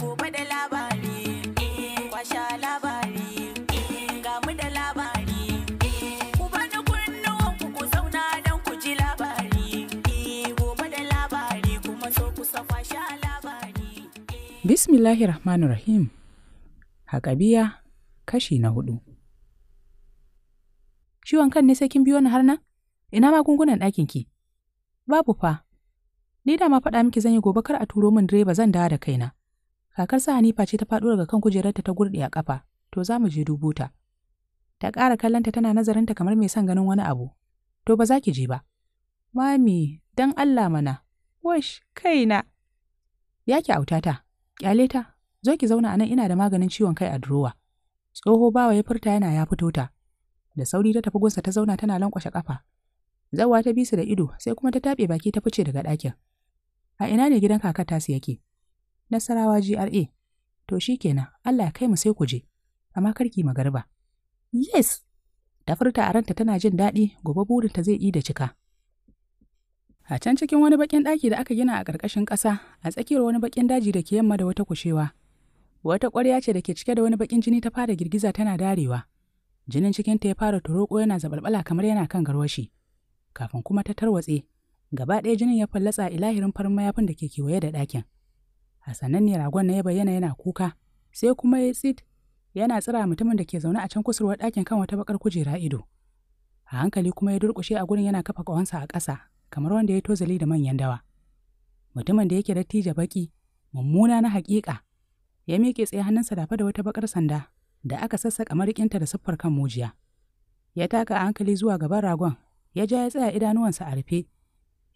gobe da labari eh, kwasha labari eh, ga mu da labari eh, ku bani kunnuwan ku ku zauna don ku ji labari gobe da labari kuma so ku sa kwasha labari bismillahir rahmanir rahim haƙabiya kashi na hudu ciwon kan ne sai kin biyo ni har nan ina magungunan ɗakin ki babu fa ni da ma faɗa miki zan yi gobe kar a turo min direba zan dawo da kaina kakar sa Hanifa ce ta faɗo daga kan kujerarta ta gurɗe a ƙafa, to za mu je dubo ta. Ta ƙara kallonta tana nazarinta kamar mai son ganin wani abu. To ba za ki je ba. Mami, dan Allah mana, wash, kaina. Ya ki autata, ƙyale ta, zo ki zauna anan, ina da maganin ciwon kai a durowa. Tsoho bawa ya furta yana ya fito ta. Da sauri ta tafi gunsa ta zauna tana lankwashe ƙafa. Zawa ta bi su da ido sai kuma ta taɓe baki ta fice daga ɗakin. A ina ne gidan kakar tasu yake? Nasarawa GRA. To shi kenan, Allah ya kai mu sai ku je, amma karki magarba. Yes! Ta furta a ranta tana jin daɗi gobe burinta zai yi da cika. A can cikin wani bakin ɗaki da aka gina a ƙarƙashin ƙasa a tsakiyar wani bakin daji da ke yamma da wata kushewa. Wata ƙwarya ce da ke cike da wani bakin jini ta fara girgiza tana darewa. Jinin cikin ta ya fara turoko yana zabalbala kamar yana kan garwashi. Kafin kuma ta tarwatse, gaba ɗaya jinin ya fallatsa ilahirin farin mayafin da ke kewaye da ɗakin. a sannan ne ragon na ya bayyana yana kuka sai kuma ya tsit yana tsira mutumin da ke zaune a can kusurwar ɗakin kan wata bakar kujera ido a hankali kuma ya durƙushe a gurin yana kafa ƙawansa a ƙasa kamar wanda ya tozali da manyan dawa mutumin da yake dattija baki mummuna na haƙiƙa ya miƙe tsaye hannunsa dafa da wata bakar sanda da aka sassaƙa mariƙinta da siffar kan mujiya ya taka a hankali zuwa gaban ragon ya ja ya tsaya idanuwansa a rufe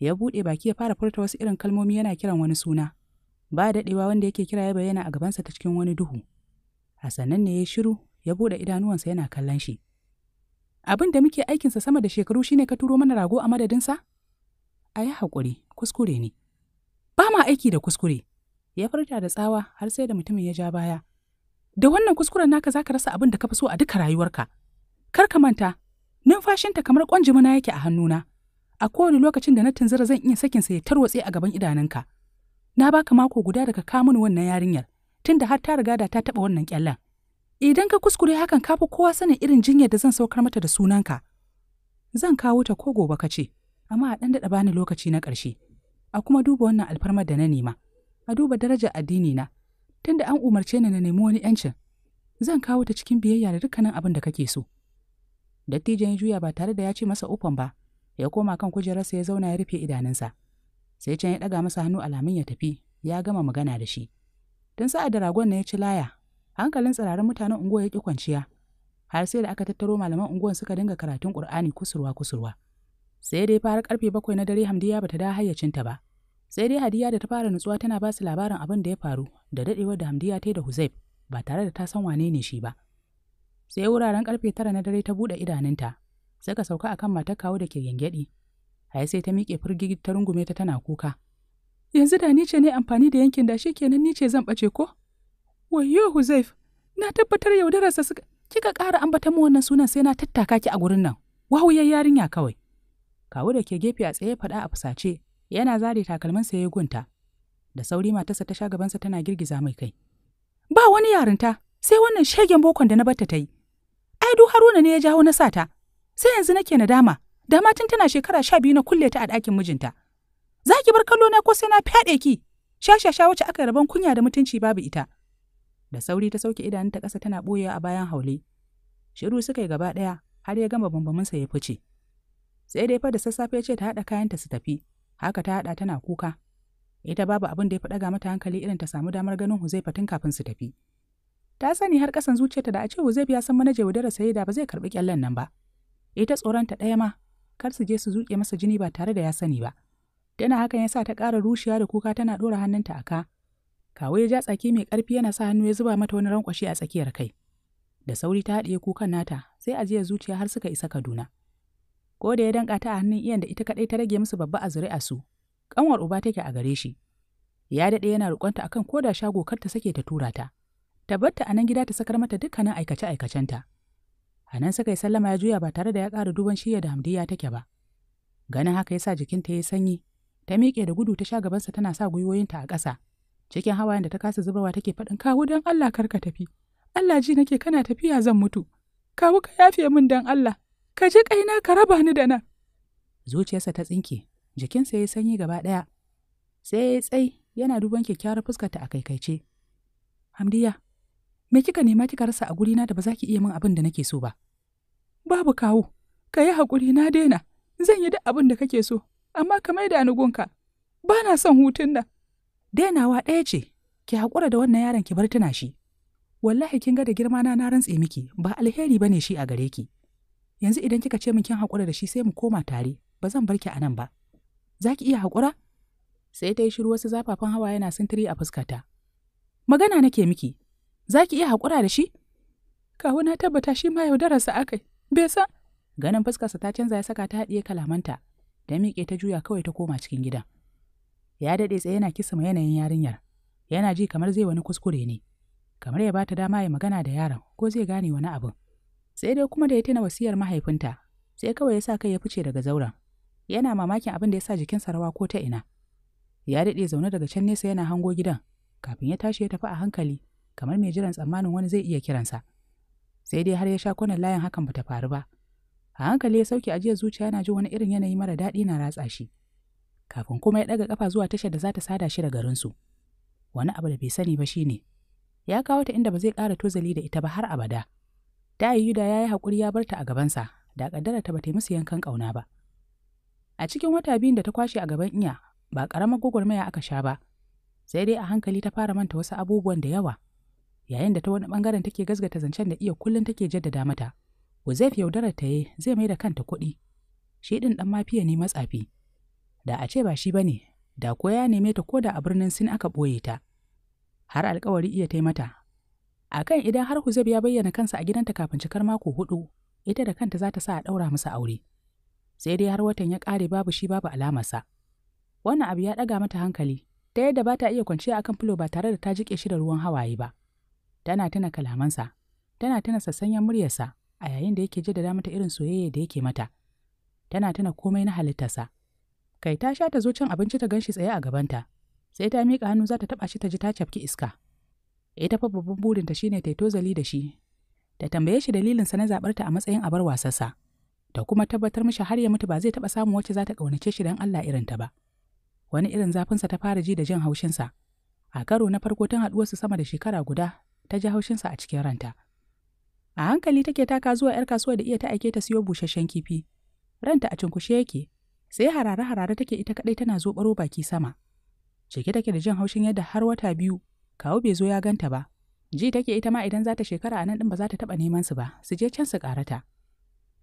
ya buɗe baki ya fara furta wasu irin kalmomi yana kiran wani suna ba daɗewa wanda yake kira ya bayyana a gabansa ta cikin wani duhu a sannan ne ya shiru ya buɗe idanuwansa yana kallon shi abin da muke aikinsa sama da shekaru shine ka turo mana rago a madadinsa a yi haƙuri kuskure ne ba ma aiki da kuskure ya furta da tsawa har sai da mutumin ya ja baya da wannan kuskuren naka zaka rasa abin da ka fi so a duka rayuwarka kar ka manta numfashinta kamar kwanjimina yake a hannuna a kowane lokacin da na tunzura zan iya sakinsa ya tarwatse a gaban idanunka. na baka mako guda daga ka mini wannan yarinyar tunda har ta riga da ta taɓa wannan kyallan idan ka kuskure hakan ka fi kowa sanin irin jinyar da zan saukar mata da sunanka zan kawo ta ko gobe ka ce amma a ɗan daɗa bani lokaci na ƙarshe a kuma duba wannan alfarmar da na nema a duba darajar addini na tunda an umarce ni na nemi wani yancin zan kawo ta cikin biyayya da dukkanin abin da kake so dattijan ya juya ba tare da ya ce masa ufan ba ya koma kan kujerarsa ya zauna ya rufe idanunsa sai can ya ɗaga masa hannu alamin ya tafi ya gama magana da shi tun sa'ad da ragon na ya ci laya hankalin tsirarin mutanen unguwa ya ƙi kwanciya har sai da aka tattaro malaman unguwan suka dinga karatun ƙur'ani kusurwa kusurwa sai dai fara ƙarfe bakwai na dare hamdiya bata da hayyacinta ba sai dai hadiya da ta fara nutsuwa tana ba su labarin abin da ya faru da dadewar da hamdiya ta da huzaif ba tare da ta san wane ne shi ba sai wuraren ƙarfe tara na dare ta buɗe idanunta suka sauka akan matar kawo da ke gyangyaɗi ai sai ta miƙe firgigi ta rungume ta tana kuka. Yanzu da ni ce ne amfani da yankin da shikenan ni ce zan bace ko? wayo Huzaif, na tabbatar yaudararsa suka kika ƙara ambata mu wannan sunan sai na tattaka ki a gurin nan. Wahuyar yarinya kawai. Kawu da ke gefe a tsaye faɗa a fusace, yana zare takalminsa ya gunta. Da sauri matarsa ta sha gabansa tana girgiza mai kai. Ba wani yarinta, sai wannan shegen bokon da na batta ta yi. Ai du Haruna ne ya jawo na sata. Sai yanzu nake nadama. Dama tun tana shekara sha biyu na kulle ta a ɗakin mijinta. Za ki bar kallo na ko sai na fyaɗe ki. Shashasha wacce aka rabon kunya da mutunci babu ita. Da sauri ta sauke idanunta ƙasa tana ɓoyewa a bayan haule. Shiru suka yi gaba ɗaya har ya gama bambaminsa ya fice. Sai dai fa da sassafe ce ta haɗa kayanta su tafi. Haka ta haɗa tana kuka. Ita babu abin da ya faɗa ga mata hankali irin ta samu damar ganin Huzaifa tun kafin su tafi. ta sani har kasan zuciyarta da a ce zai biya san manaja wadarar saye da ba zai karɓi kyallen nan ba. Ita tsoronta ɗaya ma kar su je su zuƙe masa jini ba tare da ya sani ba tana hakan ya sa ta ƙara rushewa da kuka tana ɗora hannunta a ka kawo ya ja tsaki mai ƙarfi yana sa hannu ya zuba mata wani rankwashi a tsakiyar kai da sauri ta haɗiye kukan nata sai ajiya zuciya har suka isa kaduna ko da ya danƙa ta a hannun iyan da ita kaɗai ta rage musu babba a a su ƙanwar uba take a gare shi ya daɗe yana rukonta akan ko da shago kar ta sake ta tura ta ta a nan gida ta sakar mata dukkanin aikace-aikacenta A nan suka yi sallama ya juya ba tare da ya ƙara duban shi da hamdiya take ba. Ganin haka ya sa jikinta ya sanyi, ta miƙe da gudu ta sha gabansa tana sa gwiwoyinta a ƙasa. Cikin hawayen da ta kasa zubarwa take faɗin kawu don Allah kar ka tafi. Allah ji nake kana tafiya zan mutu. Kawu ka yafe min don Allah. Ka ji ƙaina ka raba ni da nan. Zuciyarsa ta tsinke, jikinsa ya sanyi gaba ɗaya. Sai ya tsai yana duban kyakkyawar fuskarta a kaikaice. Hamdiya, me kika nema kika rasa a gurina da ba za ki iya min abin da nake so ba babu kawo ka yi haƙuri na daina zan yi duk abin da kake so amma ka maida ni gunka ba na son hutun nan dainawa ɗaya ce ki haƙura da wannan yaron ki bar tana shi wallahi kin ga da girma na na rantse miki ba alheri bane shi a gare ki yanzu idan kika ce min kin haƙura da shi sai mu koma tare ba zan bar ki a nan ba za ki iya haƙura sai ta yi shiru wasu zafafan hawa yana sintiri a fuskata magana nake miki za ki iya haƙura da shi? Kawo na tabbata shi ma yaudararsa yi, bai sa. Ganin fuskarsa ta canza ya saka ta haɗiye kalamanta, da miƙe ta juya kawai ta koma cikin gidan. Ya daɗe tsaye yana kisa ma yanayin yarinyar, yana ji kamar zai wani kuskure ne, kamar ya bata dama ya magana da yaron ko zai gane wani abin. Sai dai kuma da ya tuna wasiyar mahaifinta, sai kawai ya sa kai ya fice daga zauren. Yana mamakin abin da ya sa jikinsa rawa ko ta ina. Ya daɗe zaune daga can nesa yana hango gidan, kafin ya tashi ya tafi a hankali kamar mai jiran tsammanin wani zai iya kiransa sai dai har ya sha kunan layin hakan bata faru ba a hankali ya sauke ajiyar zuciya yana jin wani irin yanayi mara daɗi na ratsa shi kafin kuma ya ɗaga kafa zuwa tashar da za ta sada shi da garinsu wani abu da bai sani ba shine ya kawo ta inda ba zai ƙara tozali da ita ba har abada da yuda ya yi haƙuri ya bar ta a gabansa da ƙaddara ta ba ta musu yankan ƙauna ba a cikin wata biyun da ta kwashe a gaban iya ba ƙaramar gwagwarmaya aka sha ba sai dai a hankali ta fara manta wasu abubuwan da yawa yayin da ta wani bangaren take gasgata zancen da iya kullun take jaddada mata Uzaif yaudarar ta yi zai mai da kanta kuɗi shi ɗin ɗan mafiya ne matsafi da a ce ba shi ba ne da ko ya neme ta ko da a birnin sin aka ɓoye ta har alkawari iya ta mata a kan idan har Huzaib ya bayyana kansa a gidanta kafin cikar mako hudu ita da kanta za ta sa a ɗaura masa aure sai dai har watan ya ƙare babu shi babu alamarsa wannan abu ya ɗaga mata hankali ta yadda ba ta iya kwanciya akan filo ba tare da ta jiƙe shi da ruwan hawaye ba. tana tuna kalamansa, tana tuna sassanyen muryarsa a yayin da yake jaddada mata irin soyayya da yake mata. Tana tuna komai na halittarsa. Kai ta sha ta zo cin abinci ta ganshi tsaye a gabanta, sai ta mika hannu za ta taɓa shi ta ji ta cafki iska. Ita fa babban burinta shine ta tozali da shi, ta tambaye shi dalilinsa na zaɓarta a matsayin abar wasarsa, ta kuma tabbatar mishi har ya mutu ba zai taɓa samun wacce za ta ƙaunace shi don Allah irinta ba. Wani irin zafinsa ta fara ji da jin haushinsa. A karo na farko tun haɗuwarsu sama da shekara guda, ta ji haushinsa a cikin ranta. A hankali take taka zuwa 'yar kasuwa da iya ta aike ta siyo busasshen kifi. Ranta a cinkushe yake, sai harare-harare take ita kaɗai tana zo baro baki sama. Cike take da jin haushin yadda har wata biyu, kawo bai zo ya ganta ba. Ji take ita ma idan za ta shekara a nan ɗin ba za ta taɓa neman su ba, su je can su ƙarata.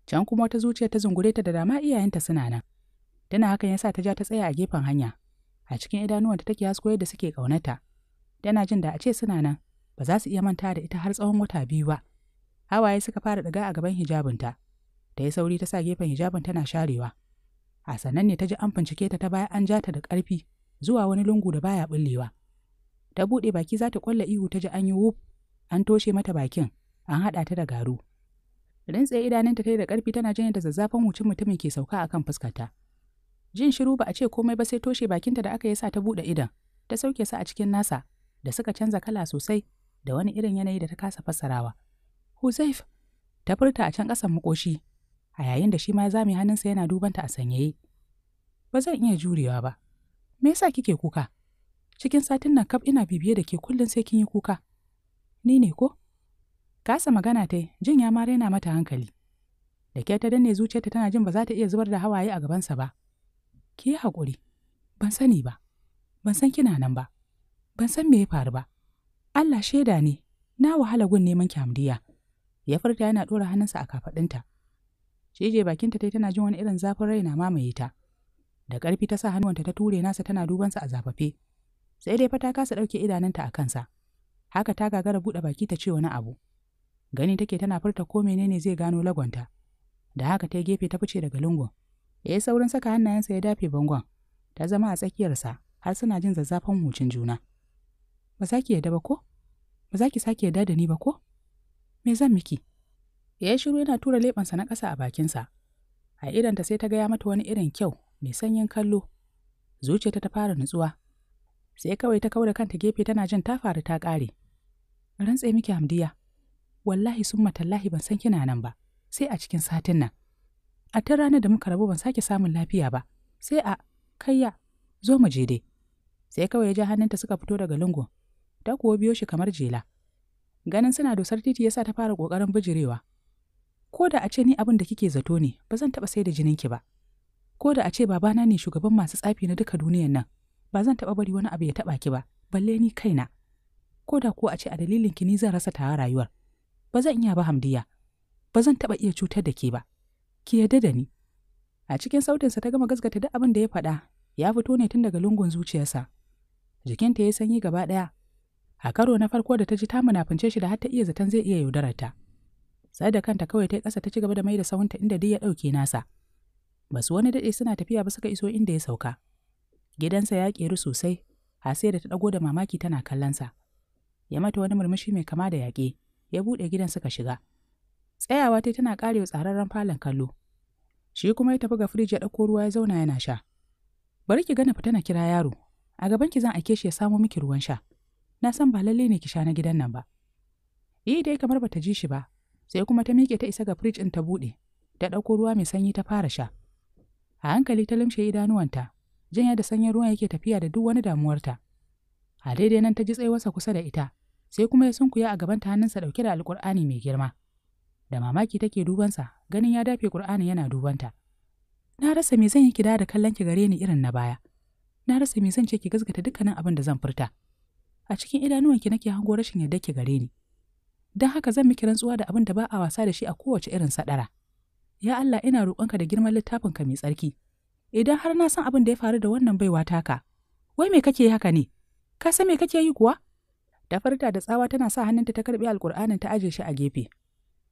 Can kuma wata zuciya ta zungure ta da dama iyayenta suna nan. Tana hakan ya sa ta ja ta tsaya a gefen hanya. A cikin idanuwanta take hasko da suke ƙaunata. Tana jin da a ce suna nan, ba za su iya manta da ita har tsawon wata biyu ba. Hawaye suka fara daga a gaban hijabinta, Ta ya sauri ta sa gefen hijabin tana sharewa. A sannan ne ta ji an bincike ta ta baya an ja ta da ƙarfi zuwa wani lungu da baya bullewa. Ta buɗe baki za ta ƙwalla ihu ta ji an yi wuf, an toshe mata bakin, an haɗa ta da garu. Rintse idanunta ta yi da ƙarfi tana jin yadda zazzafan wucin mutumin ke sauka a kan fuskarta. Jin shiru ba a ce komai ba sai toshe bakinta da aka yi sa ta buɗe idan, ta sauke sa a cikin nasa, da suka canza kala sosai da wani irin yanayi da ta kasa fassarawa. Huzaif, ta furta a can ƙasan makoshi, a yayin da shi ma ya zame hannunsa yana dubanta a sanyaye. Ba zan iya jurewa ba. Me yasa kike kuka? Cikin satin nan kaf ina bibiye da ke kullum sai kin yi kuka. Ni ne ko? Kasa magana ta jin ya ma raina mata hankali. Da ke ta danne zuciyarta tana jin ba za ta iya zubar da hawaye a gabansa ba. Ki yi haƙuri, ban sani ba, ban san kina nan ba, ban san me ya faru ba. Allah shaida ne, na wahala gun neman kyamdiya. Ya farta yana ɗora hannunsa a kafaɗinta. Shije bakinta ta tana jin wani irin zafin rai na mamaye ta. Da ƙarfi ta sa hannuwanta ta ture nasa tana dubansa a zafafe. Sai dai fa ta kasa ɗauke idanunta a kansa. Haka ta gagara buɗe baki ta ce wani abu. Gani take tana furta ko menene zai gano lagonta. Da haka ta gefe ta fice daga lungun. Ya yi saurin saka hannayensa ya dafe bangon. Ta zama a tsakiyarsa har suna jin zazzafan hucin juna. ba za ki yarda ba ko ba za ki sake yarda da ni ba ko me zan miki ya yi shiru yana tura leɓensa na ƙasa a bakinsa a idanta sai ta gaya mata wani irin kyau mai sanyin kallo Zuciyata ta fara nutsuwa sai kawai ta da kanta gefe tana jin ta faru ta ƙare rantse miki hamdiya wallahi sun matallahi ban san kina nan ba sai a cikin satin nan a ta ranar da muka rabu ban sake samun lafiya ba sai a kayya zo mu je dai sai kawai ya ja hannunta suka fito daga lungun ta kuwa biyo shi kamar jela. Ganin suna dosar titi yasa ta fara ƙoƙarin bijirewa. Ko da a ce ni abin da kike zato ne, ba zan taɓa sai da ki ba. Ko da a ce babana ne shugaban masu tsafi na duka duniyan nan, ba zan taɓa bari wani abu ya taɓa ki ba, balle ni kaina. Ko da ko a ce a dalilin ki ni zan rasa tawa rayuwar. Ba zan iya ba hamdiya. Ba zan taɓa iya cutar da ke ba. Ki yadda da ni. A cikin sautinsa ta gama gasgata duk abin da ya faɗa, ya fito ne tun daga lungun zuciyarsa. Jikinta ya sanyi gaba ɗaya, A karo na farko da ta ji ta munafince shi da har ta iya zaton zai iya yaudarar ta. Sai da kanta kawai ta yi ƙasa ta ci gaba da mai da sahunta inda duk ya dauke nasa. Basu wani daɗe suna tafiya ba suka iso inda ya sauka. Gidansa ya ƙeru sosai, Hasiya da ta dago da mamaki tana kallonsa. Ya mata wani murmushi mai kama da yaƙe, ya buɗe gidan suka shiga. Tsayawa ta tana wa tsararren falon kallo. Shi kuma ya tafi ga firij ya dauko ruwa ya zauna yana sha. Bari ki gana fitana kira yaro, a gaban ki zan ake shi ya samo miki ruwan sha. na san ba lalle ne ki sha na gidan nan ba. Yi dai kamar bata ji shi ba, sai kuma ta miƙe ta isa ga firij ɗin ta buɗe, ta ɗauko ruwa mai sanyi ta fara sha. A hankali ta lumshe idanuwanta, jin yadda sanyin ruwan yake tafiya da duk wani damuwarta. A daidai nan ta ji tsayuwarsa kusa da ita, sai kuma ya sunkuya a gaban ta hannunsa ɗauke da alƙur'ani mai girma. Da mamaki take dubansa, ganin ya dafe ƙur'ani yana dubanta. Na rasa me zan yi kida da kallon ki gare ni irin na baya. Na rasa me zan ce ki gaskata dukkanin abin da zan furta. a cikin idanuwan ki nake hango rashin yadda ki gare ni don haka zan miki rantsuwa da abin da ba a wasa da shi a kowace irin sadara ya Allah ina roƙonka da girman ka mai tsarki idan har na san abin da ya faru da wannan baiwa taka wai me kake haka ne ka san me kake yi kuwa da farta da tsawa tana sa hannunta ta karbi alƙur'anin ta aje shi a gefe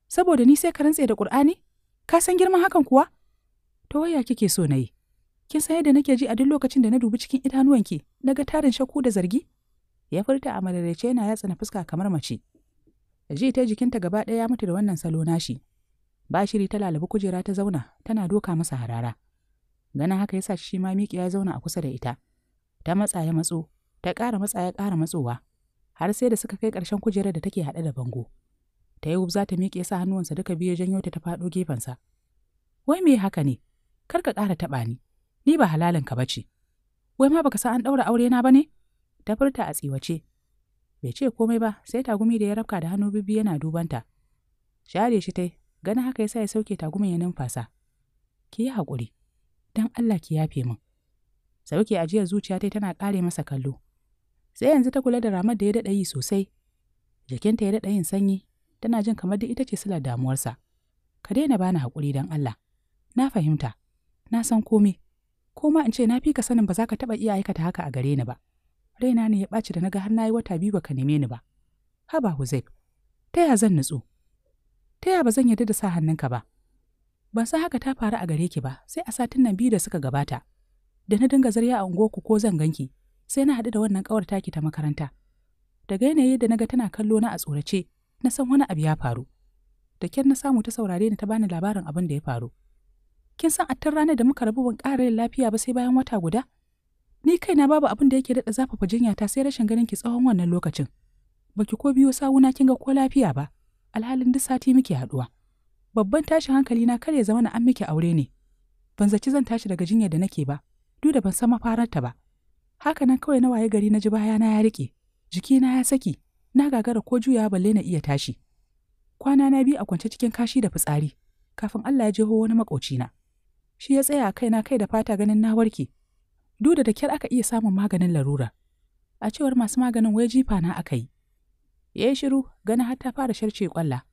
saboda ni sai ka rantse da ƙur'ani ka san girman hakan kuwa to waya kike so na yi kin san yadda nake ji a duk lokacin da na dubi cikin idanuwanki na ga tarin shakku da zargi ya furta a madarece yana yatsa na fuska kamar mace ji ta jikinta gaba ɗaya ya mutu da wannan salo nashi Bashiri ta lalabi kujera ta zauna tana doka masa harara ganin haka yasa shi ma miƙi ya zauna a kusa da ita ta matsa ya matso ta ƙara matsa ya ƙara matsowa har sai da suka kai ƙarshen kujerar da take haɗe da bango ta yi za ta miƙe sa hannuwansa duka biyu janyo ta ta faɗo gefensa wai me haka ne kar ka ƙara taɓa ni ni ba halalin ka ce. wai ma baka sa an ɗaura aure na ba ne ta furta a tsiwace bai ce komai ba sai tagumi da ya rafka da hannu bibbi yana dubanta share shi tai ganin haka yasa ya sauke tagumin ya numfasa ki yi haƙuri don Allah ki yafe min sauke ajiyar zuciya tai tana ƙare masa kallo sai yanzu ta kula da ramar da ya daɗa yi sosai jikinta ya daɗa yin sanyi tana jin kamar duk ita ce silar damuwarsa ka daina bani haƙuri don Allah na fahimta na san komai ko ma in ce na fi ka sanin ba za ka taɓa iya aikata haka a gare ni ba raina ne ya ɓaci da naga har na yi wata biyu baka neme ni ba haba huzaif ta ya zan nutsu ta ya ba zan yarda da sa hannunka ba ban san haka ta faru a gare ki ba sai a satin nan biyu da suka gabata da na dinga zarya a unguwarku ko zan ganki sai na haɗu da wannan ƙawar taki ta makaranta daga yanayi da naga tana kallo na a tsorace na san wani abu ya faru da kyar na samu ta saurare ni ta bani labarin abin da ya faru kin san a ranar da muka rabu ban ƙara yin lafiya ba sai bayan wata guda ni kaina babu abin da yake daɗa zafafa ta sai rashin ganin ki tsawon wannan lokacin baki ko biyo sawuna kin ga ko lafiya ba alhalin duk sati muke haɗuwa babban tashin hankali na kar ya zama na an miki aure ne ban zaci zan tashi daga jinyar da nake ba duk da ban san mafararta ba haka nan kawai na waye gari na ji bayana ya riƙe na ya saki na gagara ko juya balle na iya tashi kwana na biyu a kwance cikin kashi da fitsari kafin Allah ya jeho wani makoci na. shi ya tsaya a kaina kai da fata ganin na warke Duk da kyar aka iya samun maganin larura. A cewar masu maganin wai jifa na aka yi. Ya yi shiru gani har ta fara sharce kwalla.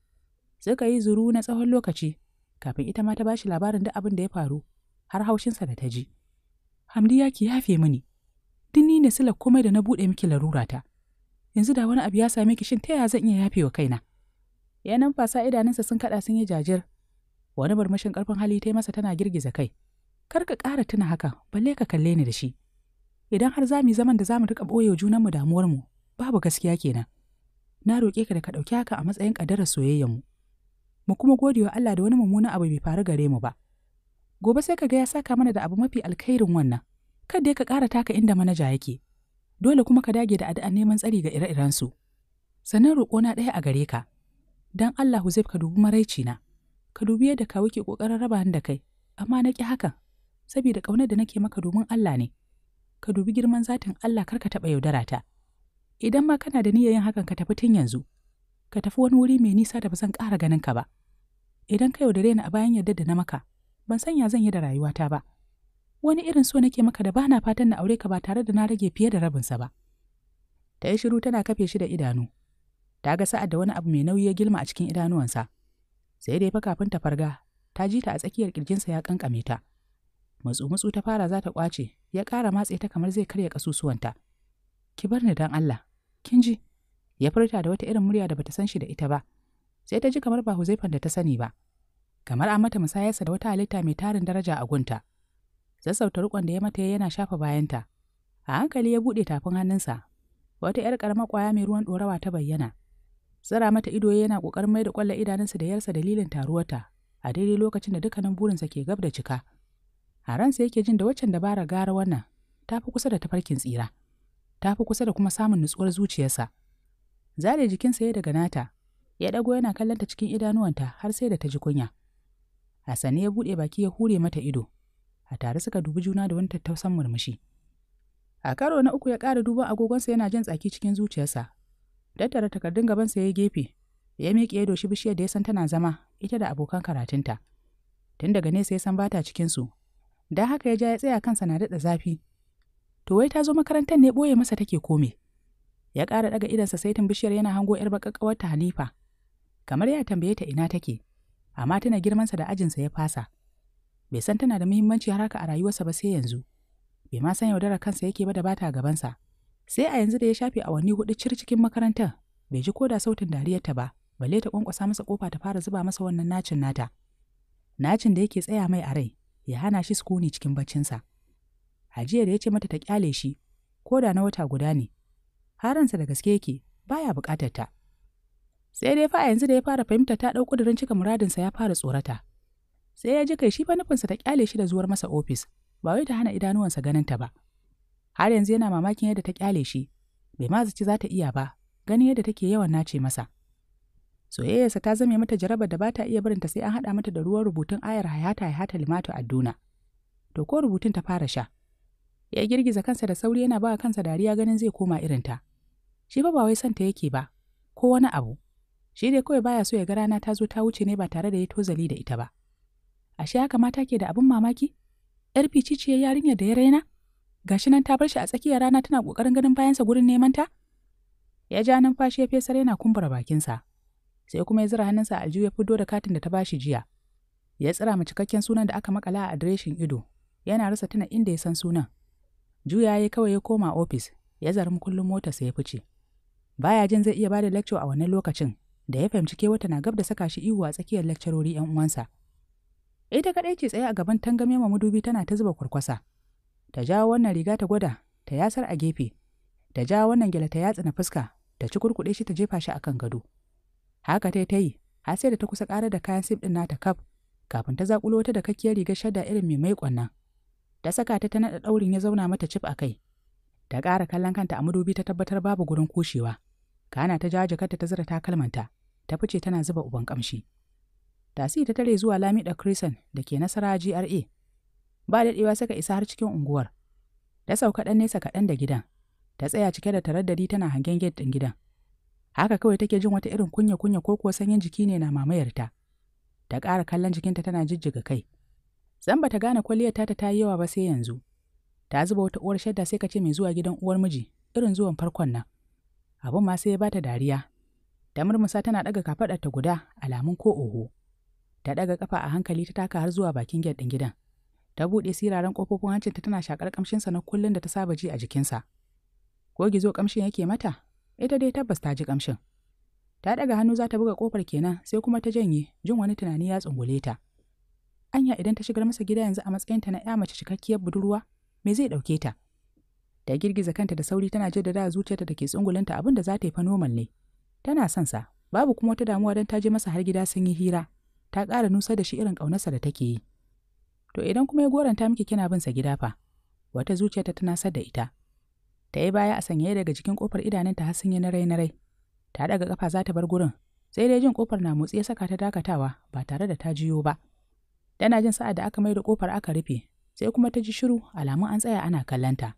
Suka yi zuru na tsawon lokaci kafin ita ma ta bashi labarin duk abin da ya faru har haushinsa da ta ji. Hamdi ya ki yafe mini. ni ne sila komai da na buɗe miki ta. Yanzu da wani abu ya same ki shin ta yaya zan iya yafe wa kaina? Ya fasa idanunsa sun kaɗa sun yi jajir. Wani murmushin ƙarfin hali ta masa tana girgiza kai. kar ka ƙara tuna haka balle ka kalle ni da shi idan har za mu yi zaman da za mu riƙa ɓoye junanmu damuwarmu babu gaskiya kenan na roƙe ka da ka ɗauki haka a matsayin ƙaddarar soyayyarmu mu kuma gode wa Allah da wani mummunan abu bai faru gare mu ba gobe sai ka ga ya saka mana da abu mafi alkhairin wannan kar kada ka ƙara taka inda manaja yake dole kuma ka dage da addu'an neman tsari ga ire su. sannan na ɗaya a gare ka dan Allah Huzaif ka dubi maraici na ka dubi yadda ka wuke ƙoƙarin raba da kai amma na ƙi hakan saboda ƙaunar da nake maka domin Allah ne. Ka dubi girman zatin Allah kar ka taɓa yaudara ta. Idan ma kana da niyyar yin hakan ka tafi tun yanzu, ka tafi wani wuri mai nisa da ba zan ƙara ganin ka ba. Idan ka yaudare ni a bayan yarda da na maka, ban sanya zan yi da rayuwata ba. Wani irin so nake maka da bana fatan na aure ka ba tare da na rage fiye da rabinsa ba. Ta yi shiru tana kafe shi da idanu. Ta ga sa'ad da wani abu mai nauyi ya girma a cikin idanuwansa. Sai dai fa kafin ta farga, ta ji ta a tsakiyar kirjinsa ya kankame ta. matsu-matsu ta fara za ta kwace. ya ƙara matse ta kamar zai karya ƙasusuwanta ki bar ni don Allah kin ji ya furta da wata irin murya da bata san shi da ita ba sai ta ji kamar ba huzaifan da ta sani ba kamar a mata musayarsa da wata halitta mai tarin daraja a gunta sassauta rikon da ya mata yana shafa bayanta a hankali ya buɗe tafin hannunsa wata 'yar ƙaramar ƙwaya mai ruwan ɗorawa ta bayyana Tsara mata ido yana ƙoƙarin mai da ƙwallon idanunsa da yarsa dalilin taruwarta a daidai lokacin da dukkanin burinsa ke gab da cika. a ransa yake jin da waccan dabara gara wannan ta fi kusa da tafarkin tsira ta fi kusa da kuma samun nutsuwar zuciyarsa zare jikinsa ya daga nata ya ɗago yana kallonta cikin idanuwanta har sai da ta ji kunya a sane ya buɗe baki ya hure mata ido a tare suka dubi juna da wani tattausan murmushi a karo na uku ya kara duban agogonsa yana jin tsaki cikin zuciyarsa tattara takardun gabansa ya gefe ya miƙe ya doshi bishiyar da ya san tana zama ita da abokan karatunta tun daga nesa ya san bata cikinsu don haka ya ja ya tsaya kansa na daɗa zafi. To wai ta zo makarantar ne ɓoye masa take kome. Ya ƙara ɗaga idansa saitin bishiyar yana hango ‘yar baƙaƙƙawar ta Halifa. Kamar ya tambaye ta ina take, amma tana girmansa da ajinsa ya fasa. Bai san tana da muhimmanci har haka a rayuwarsa ba sai yanzu. Bai ma san yaudarar kansa yake ba da bata gabansa. Sai a yanzu da ya shafe awanni huɗu cir cikin makarantar, bai ji ko da sautin dariyarta ba, balle ta kwankwasa masa ƙofa ta fara zuba masa wannan nacin nata. Nacin da yake tsaya mai a rai, ya hana shi sukuni cikin baccinsa. Hajiya da ya ce mata ta kyale shi, ko da na wata guda ne, haransa da gaske yake baya buƙatar ta. Sai dai fa a yanzu da ya fara fahimta ta ɗau ƙudurin cika muradinsa ya fara tsorata. Sai ya ji kai shi fa nufinsa ta kyale shi da zuwar masa ofis, ba wai ta hana idanuwansa ganin ta ba. Har yanzu yana mamakin yadda ta kyale shi, bai ma zaci za ta iya ba, ganin yadda take yawan nace masa. soyayyarsa ta zame mata jarabar da ba ta iya barinta sai an haɗa mata da ruwan rubutun ayar hayata hayata limatu adduna to ko rubutun ta fara sha ya girgiza kansa da sauri yana ba kansa dariya ganin zai koma irin ta. shi ba ba wai santa yake ba ko wani abu shi dai kawai baya so ya ga rana ta zo ta wuce ne ba tare da ya tozali da ita ba ashe haka mata ke da abin mamaki yar ficiciyar yarinyar da ya raina gashi nan ta bar shi a tsakiyar rana tana kokarin ganin bayansa gurin neman ta ya ja numfashi ya fesar yana kumbura bakinsa sai kuma ya zira hannunsa a aljihu ya fito da katin da ta bashi jiya ya tsira mu cikakken sunan da aka makala a adireshin ido yana rasa tuna inda ya san sunan juya ya kawai ya koma ofis ya mu kullum motarsa ya fice baya jin zai iya bada lecture a wannan lokacin da ya fahimci ke wata na gab da saka shi ihu a tsakiyar lecturori yan uwansa ita kadai ce tsaye a gaban tangame ma madubi tana ta zuba kurkwasa ta jawo wannan riga ta gwada ta yasar a gefe ta jawo wannan gyale ta yatsa na fuska ta ci kurkuɗe shi ta jefa shi akan gado haka ta yi har sai da ta kusa ƙara da kayan sif ɗin nata kaf kafin ta zaƙulo ta da kakkiyar rigar shadda irin mai mai ƙwannan. ta saka ta ta naɗa ɗaurin ya zauna mata cif a kai ta ƙara kallon kanta a madubi ta tabbatar babu gurin kushewa kana ta jaje kanta ta zira takalmanta ta fice tana zuba uban kamshi tasi ta tare zuwa Lami da crescent da ke nasara gra ba daɗewa saka isa har cikin unguwar ta sauka ɗan nesa kaɗan da gidan ta tsaya cike da taraddadi tana hangen gate ɗin gidan haka kawai take jin wata irin kunya-kunya ko kuwa sanyin jiki ne na mamayarta. Ta ƙara kallon jikinta tana jijjiga kai. Zan ba ta gane kwalliyar ta ta yi yawa ba sai yanzu. Ta zuba wata uwar shadda sai ka ce mai zuwa gidan uwar miji, irin zuwan farkon nan. Abun ma sai ya bata dariya. Ta murmusa tana ɗaga kafaɗarta guda, alamun ko oho. Ta ɗaga ƙafa a hankali ta taka har zuwa bakin gate ɗin gidan. Ta buɗe siraran ƙofofin hancinta tana shakar ƙamshinsa na kullum da ta saba ji a jikinsa. Ko gizo ƙamshin yake mata, ita dai tabbas ta ji kamshin ta daga hannu za ta buga kofar kenan sai kuma ta janye jin wani tunani ya tsungule ta anya idan ta shigar masa gida yanzu a matsayinta na 'ya mace cikakkiyar budurwa me zai ɗauke ta ta girgiza kanta da sauri tana jin zuciyarta da ke tsungulinta ta abinda za ta yi fa normal ne tana son sa babu kuma wata damuwa dan ta je masa har gida sun yi hira ta ƙara nusa da shi irin ƙaunarsa da take yi to idan kuma ya goranta miki kina bin sa gida fa wata zuciyarta tana sadda da ita ta yi baya a sanyaye daga jikin kofar idanunta har sun yi na rai ta daga kafa za ta bar gurin sai dai jin kofar na motsi ya saka ta dakatawa ba tare da ta jiyo ba tana jin sa'ad da aka mai da kofar aka rufe sai kuma ta ji shiru alamun an tsaya ana kallanta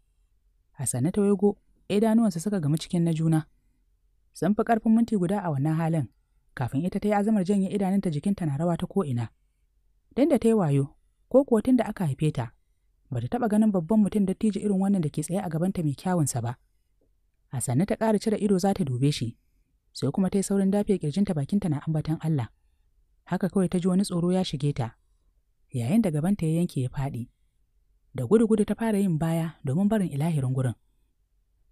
a sanne ta wego idanuwansa suka gamu cikin na juna sun fi karfin minti guda a wannan halin kafin ita ta yi azamar janye idanunta jikinta na rawa ta ko'ina. Dan da ta yi wayo, ko kuwa tun da aka haife ta, bata ta taɓa ganin babban mutum dattijo irin wannan da ke tsaye a gabanta mai kyawunsa ba. A sannu ta ƙara cire ido za ta dube shi, sai kuma ta yi saurin dafe ƙirjinta bakinta na ambatan Allah. Haka kawai ta ji wani tsoro ya shige ta, yayin da gabanta ya yanke ya faɗi. Da gudu-gudu ta fara yin baya domin barin ilahirin gurin.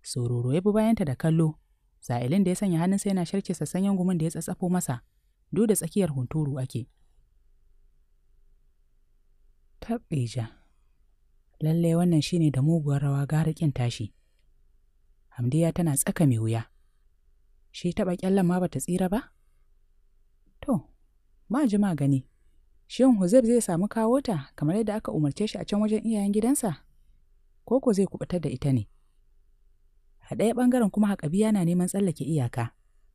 Sororo ya bi bayanta da kallo, sa'ilin da ya sanya hannunsa yana sharke sassan gumin da ya tsatsafo masa, duk da tsakiyar hunturu ake. Taɓeja. lallai wannan shi ne da muguwar rawa ga tashi. Hamdiya tana tsaka mai wuya. Shi taɓa ƙyallen ma bata tsira ba? To, ma ji ma gani. Shin Huzeb zai samu kawo ta kamar yadda aka umarce shi a can wajen iyayen gidansa? Ko ko zai kubutar da ita ne? A ɗaya ɓangaren kuma Haƙabiya yana neman tsallake iyaka,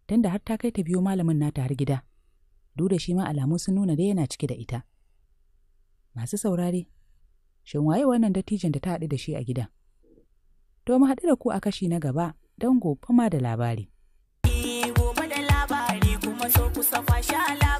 tunda har ta kai ta biyo malamin nata har gida. Duk da shi ma alamu sun nuna dai yana cike da ita. Masu saurare, Shin waye wannan dattijan da ta haɗu da shi a gidan? To mu haɗu da ku a kashi na gaba don gobe da labari. Eh, gobe da labari kuma so kusa kwashe